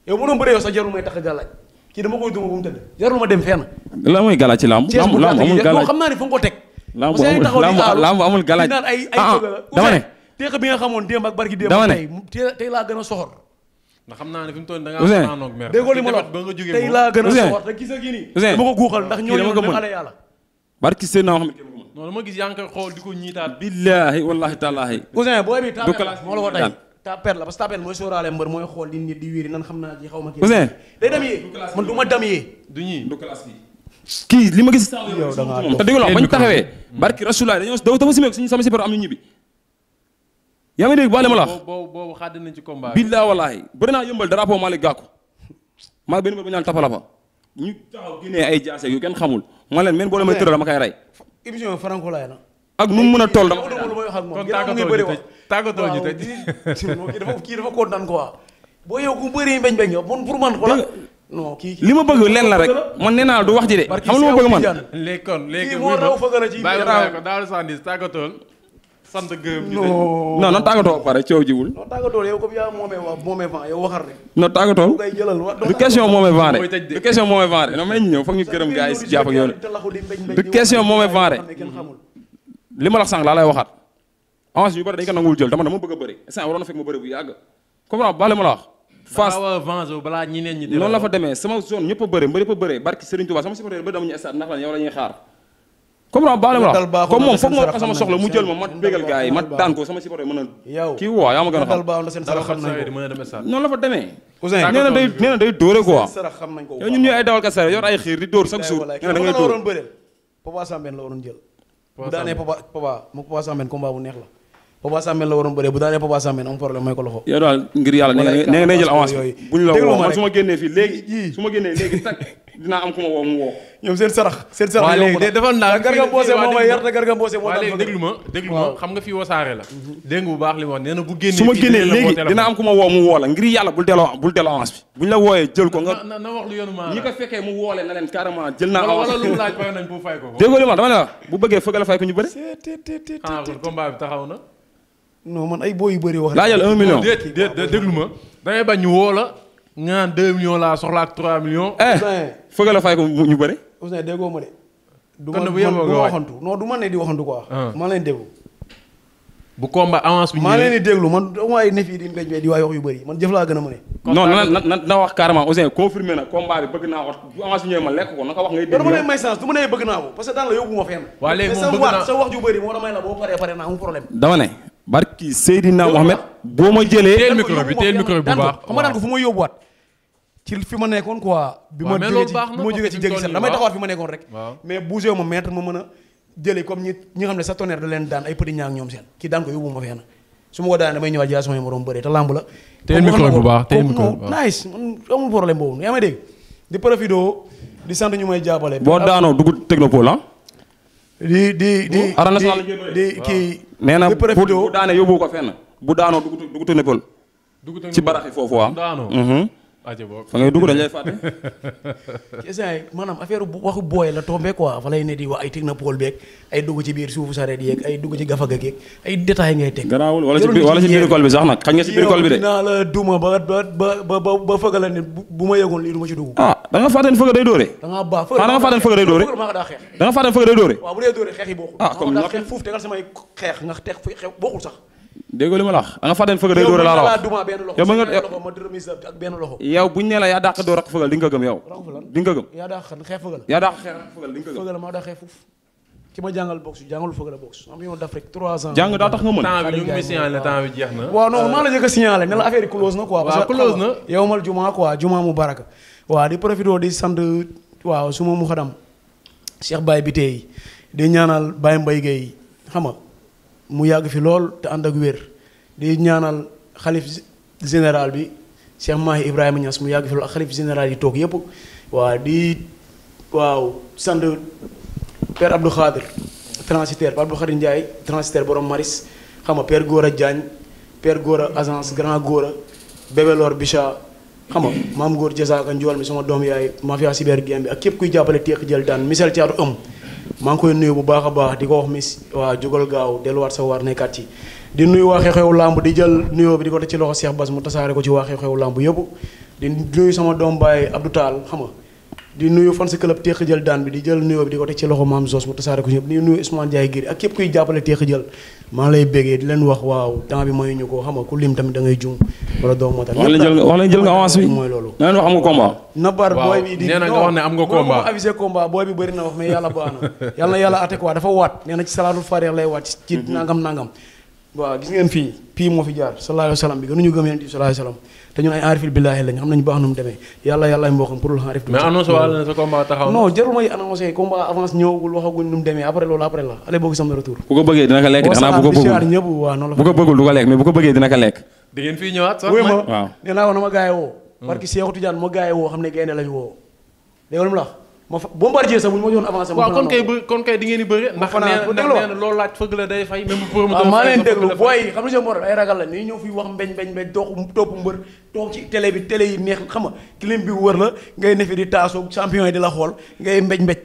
C: yow mënoon bëree yow sax jarul may tax a gàllaaj kii dama koy duma bu mu tëdd jarul ma dem fenn.
B: lan mooy gàllaaj ci làmb. làmb làmb amul gàllaaj xam naa ne fu nga ko teg. làmb amul làmb amul gàllaaj naan ay ay ah, ah, dama ne
A: teex bi nga xamoon démb ak barki démb. dama ne tey tey laa gën a soxor. ndax xam naa ne fi mu toll da ngaa fanaanoog mer. déggoo li ma la tey laa gën a soxor te gis nga kii nii. dama ko guuxal ndax ñooñu xale yàlla
B: barki seen naa xam
A: non dama gis yaa ngi koy xool di ko ñiitaat.
C: billaahi
B: wallaahi taalaahi.
C: Ouzin booy bi tapet moo la ko tey tapet la parce que naa ji xaw ma kii. Ouzin day dem du ma dem li
B: ma gis. yow da ngaa doon te dégg nga bañ taxawee. Hmm. barki rasulaay dañoo daw dama simeeku suñu sama sipar am ñu ñibbi. yaa ngi dégg baale ma la wax
A: boobu boobu xàdd nañ ci combat bi. billaahi
B: wallaahi bëri naa yëmbal drapeau Malick Gakou maa benn mbër bu ñaan tapalapa
A: ñu taxaw génnee
B: ay jaase yu kenn xamul ma leen men boo may tëral ma kay rey
C: émission farankulaay na. ak nu mu a toll dama kon tàggatoo ñu tëj dafa kii dafa kontaan quoi. boo yow ku bëri mbeñ mbeñ yow man pour man xoolal. non kii li ma bëgg lenn la rek
B: man nee naa du
A: wax ji de. xam nga lu ma bëgg man léegi kon léegi. kii moo raw sant gërëm
B: tàggatoo pare coow jiwul.
C: non tàggatoo yow wa du question moomee vent
B: rek question moomee vent li ma la sànq laa lay waxaat avance ñu bëri dañ ko nanguwul jël dama dama bëgg a bëri noonu la fa demee sama zone ñëpp a bëri mbër yëpp a bëri barki Serigne Touba sama supporter ba dama ñu stade ndax lan yow la ñuy xaar comme ram baax na ma comme moom foog ma sama soxla mu jël ma ma bégal gars yi ma daan ko sama supporter mën a kii waa yaa ma gën a xam noonu la fa demee Ousseyn day nee day dóore yow ñun ñuy ay dawalkat sare yor ay xiir di dóor chaque jour nee na dóor
C: Papa Sambène la waroon jël bu daanee Papa Papa mu Papa Sambène combat bu neex la Papa Samen la waroon bëree bu daanee Papa Samen am problème may ko loxo. yow
B: daal ngir yàlla ne nga jël avance bu ñu la ma
C: génnee fii léegi su ma génnee léegi tak dinaa am ku ma woo mu woo. ñoom seen sarax. seen sarax la mhm. bu
A: baax li ma wax nee na bu génnee su ma génnee léegi am
C: ku ma woo mu woo la ngir
B: yàlla bul delloo bul delloo avance bi bu ñu la wooyee jël ko nga na wax lu yoonu maa woole na leen carrément jël naa avance wala lu laaj fay nañ bu bëggee fëgg la fay ko ñu bëri ah,
A: taxaw na non man ay boo yu bëri wax. laajal un million déglu ma. la. ñu eh, la fay ko ñu
C: bëri. Ousseyn déggoo ma de. du ma du du ma ne di ah. wax yu bëri man jëf laa gën a mën.
B: non na na na wax bëgg
C: naa ko naka wax la yóbbu ma fenn. waaye léegi wax sa wax ju bëri moo damay la boo paree pare naa am problème.
B: barki Seydina Mohamed boo ma jëlee. teel micro bi teel
C: ma nekkoon quoi. bi ma jógee ci bi ma jógee ci jéggi seen damay taxawaat fi ma nekkoon rek. jëlee ne sa tonnerre da leen daan ay petit ñaar ñoom seen kii daan ma fenn su ma ko daanee damay ñëwaat jaa sama morom bëree te teel micro bu baax daanoo
B: dugg technopole ah.
C: di di di kii
B: nee na bu bu daanee yóbbu ko fenn bu daanoo dugg
C: dugg ci baraxi foofu waaw. Ah, fa ngay dugg dañ lay fàtte. ci maanaam bu waxu booy la tombé quoi fa lay ne di wax ay technopole beeg ay dugg ci biir suufu sareet yeeg ay dugg ci gafaga geeg ay détails ngay teg. garaawul wala ci biir kol bi sax nag xañ nga ci biir kol bi dinaa la duma ba ba ba ba ba fëgg la ne bu ma yëgoon lii du ci dugg.
B: ah da nga fàtte ne fëgg day dóore.
C: Ah, da nga baax fëgg da nga fàtte ne fëgg day dóore. da nga fàtte day dóore. waaw bu dee dóore xeex yi bokkul. ah sax
B: dégg li ma la wax. nga fàttali fëgg day dóor laa la wax yow mën
C: nga
B: yow buñ ne la yaa dàq doo raq fëgal di nga gëm yow. di nga gëm.
C: yaa dàq xeex fëgal. yaa dàq xeex fëgal di nga gëm. fëgal maa dàqee foofu. ki ma jàngal boxe jàngalu fëgal a boxe am yoon d'Afrique
A: nga mën temps bi la njëkk a signaler
C: ne mu baraka. waaw di profité di sant waaw suma mu xadam Cheikh Baye bi tey di ñaanal Baye Mbaye Gueye xam nga mu yàgg fi lool te ànd ak wér di ñaanal xalif général bi Cheikh Mahi Ibrahima Niass mu yàgg fi lool ak xalif général yi toog yëpp waa di waaw sant père Abdou Khadir transitaire père Abdou Khadir Ndiaye transitaire borom Maris xam nga père Gora Diagne père Gora agence grand Gora Bébélor Bicha xam nga maam Gora Jazaaka Njool mi sama doom yaay mafia cyber game bi ak képp kuy jàppale teex jël daan misel caatu ëm maa ngi koy nuyoo bu baax a baax di ko wax mis waa jugal gaaw delluwaat sa waar nekkaat yi di nuyu waa xew-xewu làmb di jël nuyoo bi di ko teg ci loxo Cheikh bas mu tasaare ko ci waa xew-xewu làmb yëpp di nuyu sama doom baay Abdou Tall xam nga di nuyu fan si club Jël daan bi di jël nuyoo bi di ko teg ci loxo maam Zos mu tasaare ko ñëpp di nuyu Ousmane Diaye Guèye ak képp kuy jàppale Tékk Jël maa lay bégee di leen wax waaw temps bi mooy ñu ko xam nga ku lim tamit da jum wala doo moo tax. wax leen jël nga wax leen jël nga avance bi mooy
B: loolu. na leen wax am nga combat.
C: nabar nee na nga wax ne am nga combat booy bi bëri na wax mais yàlla baax na yàlla yàlla dafa waat nee na ci salaatul fareex lay waat ci nangam mhm. nangam waaw gis ngeen fii pii moo fi jaar sallallahu alayhi wa sallam bi gënuñu gëm yonent bi sallallahu alayhi wa sallam te ñun xam nañu baax nu mu demee lu ma gaay woo parce hmm. que Seexu ma gaay woo xam ne gaynde lañu woo dégg lu mu la ma fa Bombardier sax bu ñu ma joxoon avancé. ma kon kay
A: kon kay di ngeen loolu laaj fëgg la day fay. même ah, promoteur maa leen déglu booy
C: xam nga seen borom ay ragal la nii ñëw fi wax mbeñ mbeñ mbeñ toog topp mbër toog ci télé bi télé yi neex xam nga clim bi wër la ngay nefi di taasu champion yi di la xool ngay mbeñ mbeñ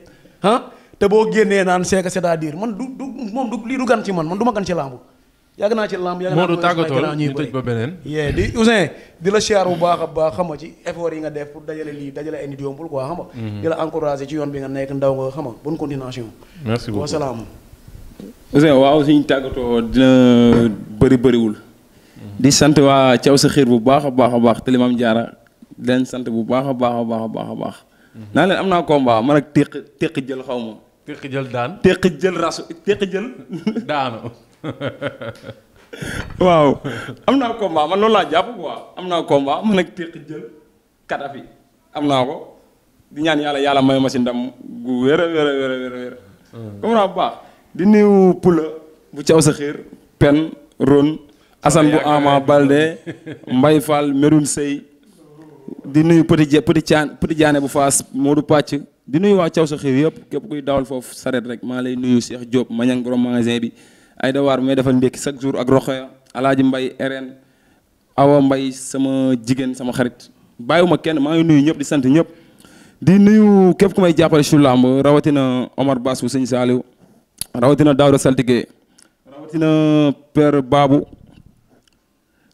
C: ah te boo génnee naan cest à diir man du du moom du lii du gan ci man man du ma gan ci làmb yàgg naa ci lamb yàgg naa Modou tàggatoo la ñuy tëj
A: ba beneen. yee di
C: Ouzin di la siyaar bu baax a baax xam nga ci effort yi nga def pour dajale lii dajale ay nit yombul quoi xam nga. Mm-hmm. di la encouragé ci yoon bi nga nekk ndaw nga xam nga bonne continuation. merci beaucoup wasalaam.
B: Ouzin waaw suñu tàggatoo dina bëri bëriwul. Mm-hmm. di sant waa Thiaw sa xiir bu baax a baax a baax te li maam jaara di leen sant bu baax a baax a baax a baax a baax. Mm-hmm. naa leen am naa koom combat mën ak téq téq jël xaw ma.
A: téq jël daan
B: téq jël rasu téq waaw am naa combat man loolu laa jàpp quoi am naa combat man ak téq jël katafi am naa ko di ñaan yàlla yàlla may ma si ndam gu wér a wér a wér a hmm. baax di nuyu pula bu caw sa xiir pen ron asan bu ama balde mbay fall di nuyu petit petit caan petit jaane bu faas Modou Pàcc di nuyu waa caw sa xiir yëpp képp kuy dawal foofu saret rek maa lay nuyu Cheikh Diop mañang borom magasin bi ay dawaar may defal ndékki chaque jour ak Roxaya Alaaji Mbay RN Awa Mbay sama jigéen sama xarit bàyyiwuma kenn maa ngi nuyu ñëpp di sant ñëpp di nuyu képp ku may jàppale su làmb rawatina Omar Bassou sëñ Saliou rawatina Daouda Saltigué rawatina Père Babou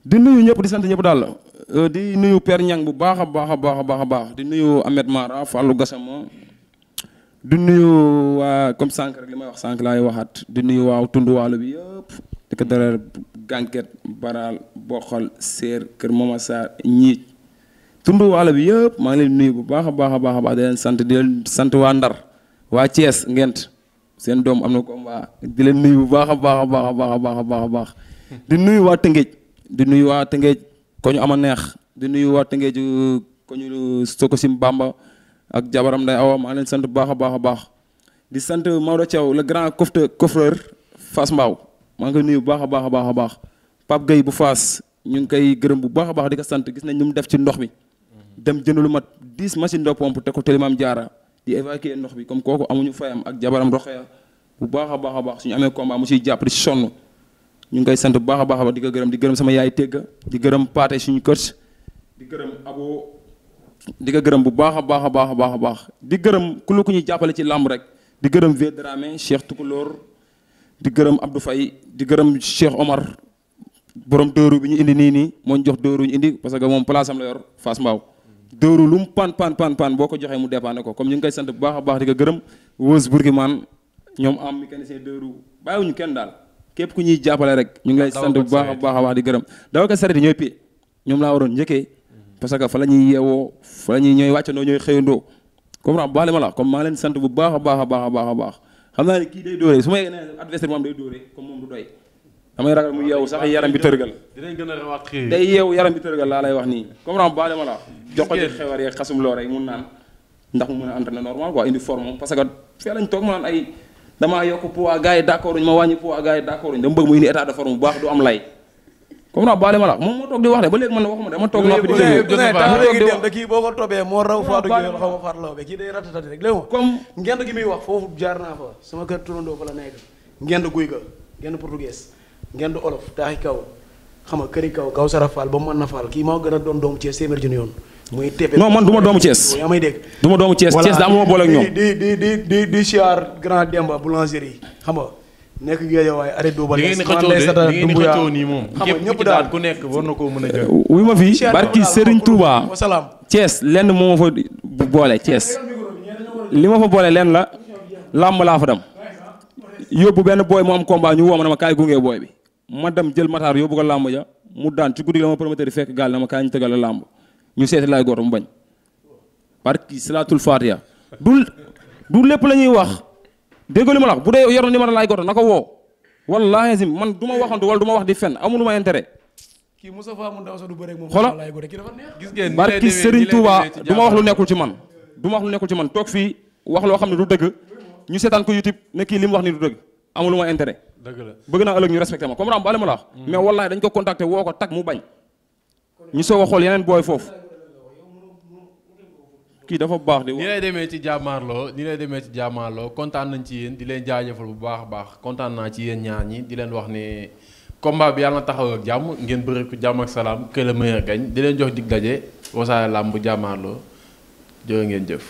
B: di nuyu ñëpp di sant ñëpp daal euh, di nuyu Père Ñang bu baax a baax a baax a baax di nuyu Ahmed Mara Fallou Gassama du nuyu waa comme sànq rek li may wax sànq laay waxaat di nuyu waaw tund waalo bi yëpp di ko dara gànket baraal boxal séer kër Mama Sarr ñiij tund bi yëpp maa ngi leen nuyu bu baax a baax a baax a baax di sant di sant waa Ndar waa Thiès ngent seen doom am na ko waa di leen nuyu bu baax a baax a baax a baax a baax a baax di nuyu waa Tëngéej di nuyu waa Tëngéej ko am a neex di nuyu waa Tëngéej ko ñu Sococim ak jabaram day awa maa leen sant bu baax a baax a baax di sant Maodo Thiaw le grand cofte coffreur Fass Mbao maa ngi koy nuyu bu baax a baax a baax a baax Pape Gueye bu faas ñu ngi koy gërëm bu baax a baax di ko sant gis nañ ñu mu def ci ndox mi dem jënd lu mat 10 machine de pompe te ko Télimam Diarra di évacuer ndox bi comme kooku amuñu fayam ak jabaram roxeya bu baax a baax a baax suñu amee combat mu siy jàpp di sonn ñu ngi koy sant bu baax a di ko gërëm di gërëm sama yaay tégga di gërëm paate suñu kër di gërëm abo di ko gërëm bu baax a baax a baax a baax a baax di gërëm ku lu ku ñu jàppale ci làmb rek di gërëm Vieux Dramé Cheikh Tukulóor di gërëm Abdou fay di gërëm Cheikh Omar borom dóoru bi ñu indi nii nii moo jox dóoru ñu indi parce que moom place am la yor Fass Mbao dóoru lu mu pan pan pan boo ko joxee mu dépanne ko comme ñu ngi koy sant bu baax a baax di ko gërëm wës Burkiman ñoom am mécanicien dóoru bàyyiwuñu kenn daal képp ku ñuy jàppale rek ñu ngi lay ah, sant bu baax a baax a di gërëm dawa ko saret ñoom laa waroon njëkkee parce que fa la ñuy yeewoo fa la ñuy ñooy wàccandoo ñooy xëyandoo comprendre baale ma la comme maa leen sant bu baax a baax a baax a baax xam naa ne kii day dóoree su ma yee ne adversaire moom day dóoree comme mu yeewu yaram bi tërgal
A: dinañ gën a rawaat xëy day yeewu yaram bi
B: laa lay wax nii comprendre baale ma la jox ko ci xewar yeeg xasum loo mun naan ndax mu mën a entraîner normal quoi indi forme parce que fee lañ toog ma naan ay damaa yokk poids gars yi d'accord ma wàññi poids gars yi d'accord
C: mu baax du am lay
B: comme naa baale ma la moom moo toog di wax de ba léegi man waxuma dama toog noppi di déglu gi
C: xaw ma farloo be kii day ratatati rek léegi ma comme ngend gi muy wax foofu jaar naa fa sama olof taaxi kaw xam nga këri kaw kaw sara fall ba mën na fall kii moo gën a doon doomu Thiès téeméer yoon muy tepe non man du ma doomu may dégg du ma doomu Thiès Thiès daa ma boole ak ñoom di di di di di siyaar grand Demba boulangerie xam nga nekk Guédiawaye arrêté doo ba léegi li
B: ngeen di xëccoo nii
A: moom ku daan ku nekk war na koo mën a jël. wuy ma fi barki
B: Serigne Touba lenn moo ma fa boole cees li ma fa boole lenn la làmb laa fa dem yóbbu benn booy mu am combat ñu woo ma ma kaay gunge booy bi ma dem jël mataar yóbbu ko làmb ja mu daan ci guddi la ma promoteur fekk gaal na ma kaay ñu tëgal la làmb ñu seeti laay góor mu bañ barki salaatul faatiha du du lépp lañuy wax. dégg li ma la bu dee yor na numéro laay goto na ko woo wallaahi azim man du ma waxantu wal du ma wax di fenn amul ma intérêt.
C: kii Moussa Famoun Daousa du bëre ak moom. xoolal
B: gis ngeen barki Serigne Touba wax lu nekkul ci man. du ma wax lu man toog fii wax loo xam ne du dëgg ñu seetaan ko YouTube ne kii li mu wax ni du dëgg amul ma intérêt. dëgg la bëgg naa ëllëg ñu respecté ma comme ram baale ma la wax. Mm. mais wallaahi dañ ko contacté woo ko tag mu bañ. ñu soo a xool yeneen booy
A: foofu kii dafa baax di. ni lay demee ci jàmmaarloo ni lay demee ci jàmmaarloo kontaan nañ ci yéen di leen jaajëfal bu baax a baax kontaan naa ci yéen ñaar ñi di leen wax ne combat bi yàlla na taxaw ak jàmm ngeen bëre ko jàmm ak salaam que le meilleur di leen jox dig daje Wassare Lamb bu jàmmaarloo jërë ngeen jëf.